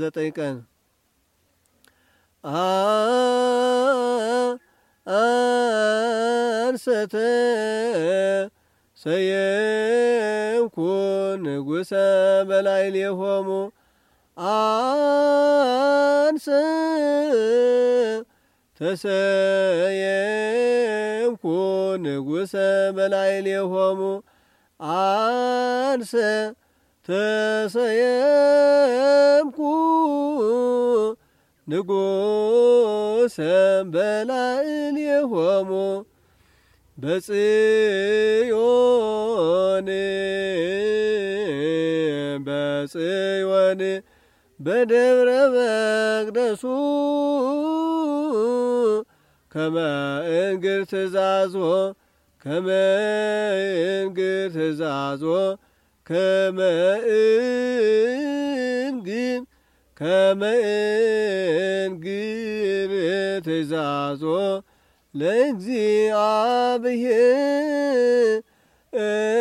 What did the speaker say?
ዘጠኝ ቀን አርሰተ ሰየምኩ ንጉሰ በላዕሌሆሙ አንስ ተሰየምኩ ንጉሰ በላዕሌሆሙ አንስ ተሰየ ንጉሰ የሆሙ በጽዮን በጽዮን በደብረ መቅደሱ ከመእንግድ እንግር ትእዛዞ ከመ እንግር ትእዛዞ ከመንግብ ትእዛዞ ለእግዚአብሔር